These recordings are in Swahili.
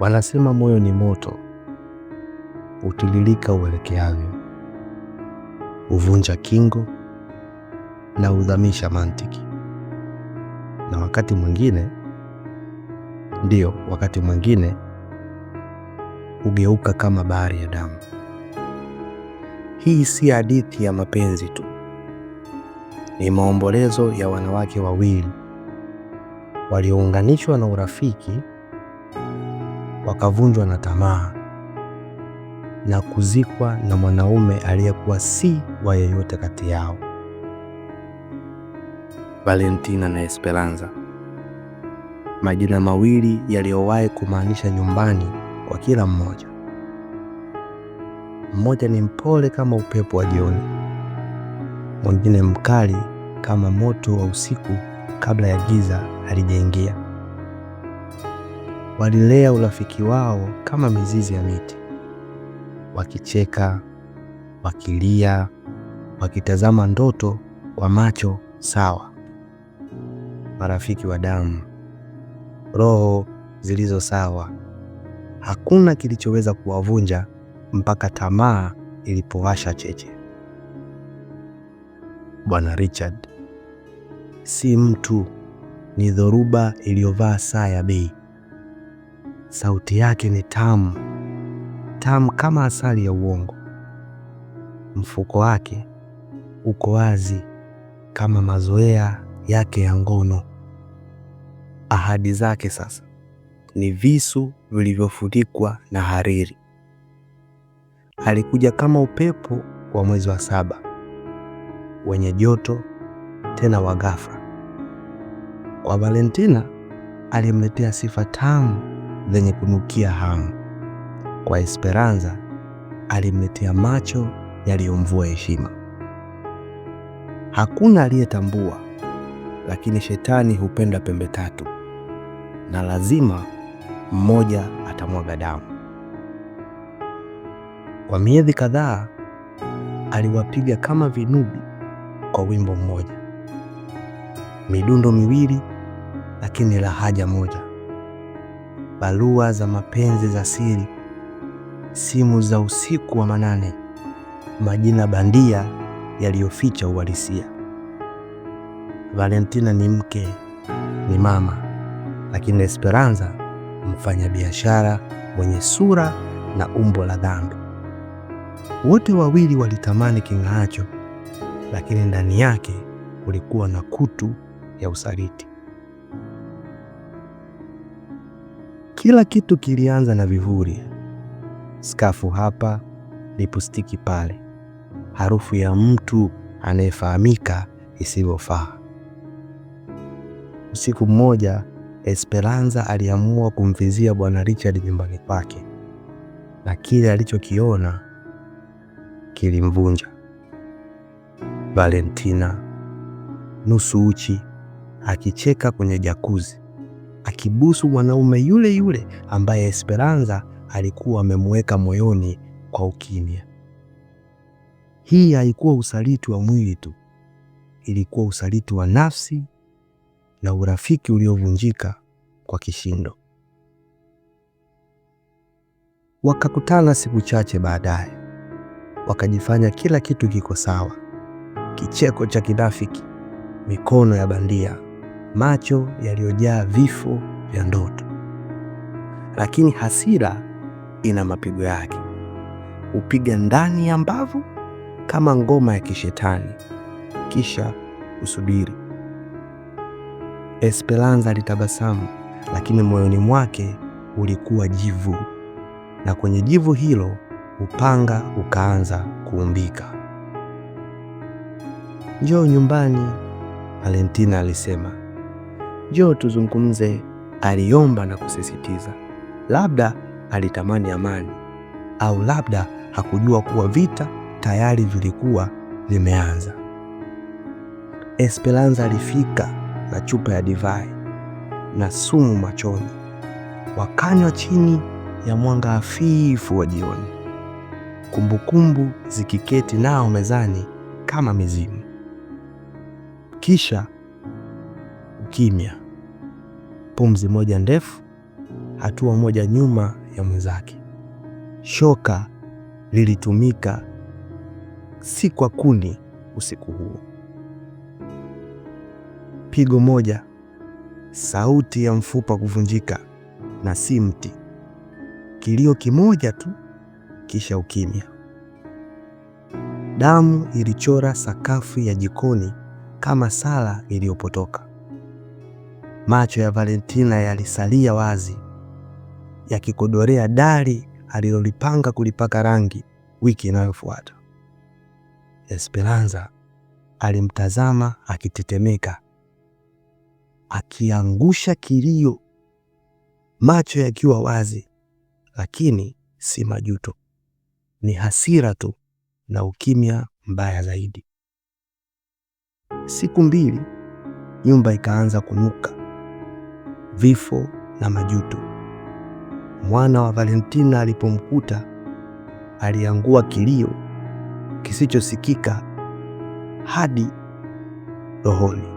Wanasema moyo ni moto utililika uelekeavyo, huvunja kingo na hudhamisha mantiki, na wakati mwingine ndio wakati mwingine hugeuka kama bahari ya damu. Hii si hadithi ya mapenzi tu, ni maombolezo ya wanawake wawili waliounganishwa na urafiki wakavunjwa na tamaa na kuzikwa na mwanaume aliyekuwa si wa yeyote kati yao. Valentina na Esperanza, majina mawili yaliyowahi kumaanisha nyumbani kwa kila mmoja. Mmoja ni mpole kama upepo wa jioni, mwingine mkali kama moto wa usiku kabla ya giza halijaingia walilea urafiki wao kama mizizi ya miti, wakicheka, wakilia, wakitazama ndoto kwa macho sawa. Marafiki wa damu, roho zilizo sawa. Hakuna kilichoweza kuwavunja mpaka tamaa ilipowasha cheche. Bwana Richard si mtu, ni dhoruba iliyovaa saa ya bei. Sauti yake ni tamu tamu kama asali ya uongo. Mfuko wake uko wazi kama mazoea yake ya ngono. Ahadi zake sasa ni visu vilivyofunikwa na hariri. Alikuja kama upepo wa mwezi wa saba wenye joto tena wa ghafla. Kwa Valentina alimletea sifa tamu zenye kunukia hamu. Kwa Esperanza alimletea macho yaliyomvua heshima. Hakuna aliyetambua, lakini shetani hupenda pembe tatu, na lazima mmoja atamwaga damu. Kwa miezi kadhaa aliwapiga kama vinubi kwa wimbo mmoja, midundo miwili, lakini lahaja moja barua za mapenzi za siri, simu za usiku wa manane, majina bandia yaliyoficha uhalisia. Valentina ni mke, ni mama, lakini Esperanza mfanyabiashara mwenye sura na umbo la dhambi. Wote wawili walitamani king'aacho, lakini ndani yake kulikuwa na kutu ya usaliti. Kila kitu kilianza na vivuli, skafu hapa, lipustiki pale, harufu ya mtu anayefahamika isivyofaa. Usiku mmoja, Esperanza aliamua kumvizia Bwana Richard nyumbani kwake, na kile alichokiona kilimvunja. Valentina nusu uchi akicheka kwenye jakuzi akibusu mwanaume yule yule ambaye Esperanza alikuwa amemweka moyoni kwa ukimya. Hii haikuwa usaliti wa mwili tu, ilikuwa usaliti wa nafsi na urafiki uliovunjika kwa kishindo. Wakakutana siku chache baadaye, wakajifanya kila kitu kiko sawa: kicheko cha kinafiki, mikono ya bandia macho yaliyojaa vifo vya ndoto. Lakini hasira ina mapigo yake, hupiga ndani ya mbavu kama ngoma ya kishetani, kisha usubiri. Esperanza alitabasamu, lakini moyoni mwake ulikuwa jivu, na kwenye jivu hilo upanga ukaanza kuumbika. Njoo nyumbani, Valentina alisema. Njoo tuzungumze, aliomba na kusisitiza. Labda alitamani amani, au labda hakujua kuwa vita tayari vilikuwa vimeanza. Esperanza alifika na chupa ya divai na sumu machoni, wakanywa chini ya mwanga hafifu wa jioni, kumbukumbu zikiketi nao mezani kama mizimu. Kisha kimya, pumzi moja ndefu, hatua moja nyuma ya mwenzake. Shoka lilitumika si kwa kuni usiku huo. Pigo moja, sauti ya mfupa kuvunjika na si mti, kilio kimoja tu, kisha ukimya. Damu ilichora sakafu ya jikoni kama sala iliyopotoka. Macho ya Valentina yalisalia wazi, yakikodorea dari alilolipanga kulipaka rangi wiki inayofuata. Esperanza alimtazama akitetemeka, akiangusha kilio, macho yakiwa wazi, lakini si majuto, ni hasira tu na ukimya mbaya zaidi. Siku mbili, nyumba ikaanza kunuka vifo na majuto. Mwana wa Valentina alipomkuta aliangua kilio kisichosikika hadi rohoni.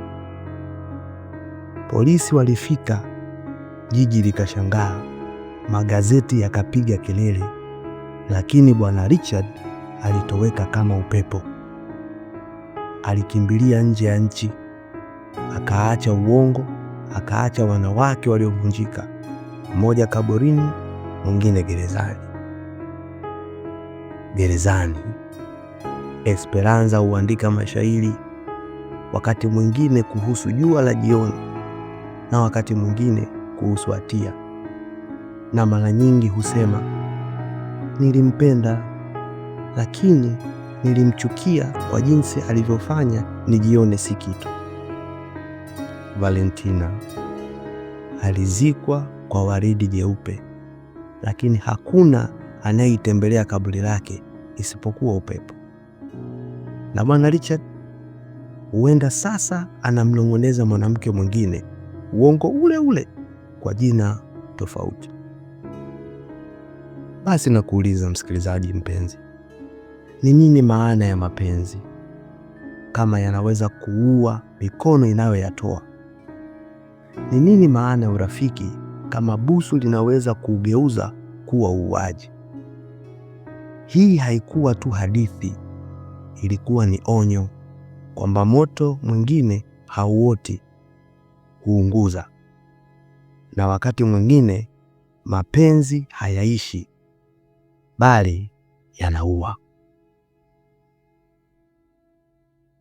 Polisi walifika, jiji likashangaa, magazeti yakapiga kelele, lakini bwana Richard alitoweka kama upepo. Alikimbilia nje ya nchi, akaacha uongo akaacha wanawake waliovunjika, mmoja kaburini, mwingine gerezani. Gerezani, Esperanza huandika mashairi, wakati mwingine kuhusu jua la jioni na wakati mwingine kuhusu hatia, na mara nyingi husema nilimpenda, lakini nilimchukia kwa jinsi alivyofanya nijione si kitu. Valentina alizikwa kwa waridi jeupe, lakini hakuna anayeitembelea kaburi lake isipokuwa upepo. Na Bwana Richard huenda sasa anamnong'oneza mwanamke mwingine uongo ule ule kwa jina tofauti. Basi nakuuliza msikilizaji mpenzi, ni nini maana ya mapenzi kama yanaweza kuua mikono inayoyatoa? Ni nini maana ya urafiki kama busu linaweza kuugeuza kuwa uuaji? Hii haikuwa tu hadithi, ilikuwa ni onyo kwamba moto mwingine hauoti, huunguza. Na wakati mwingine mapenzi hayaishi, bali yanaua.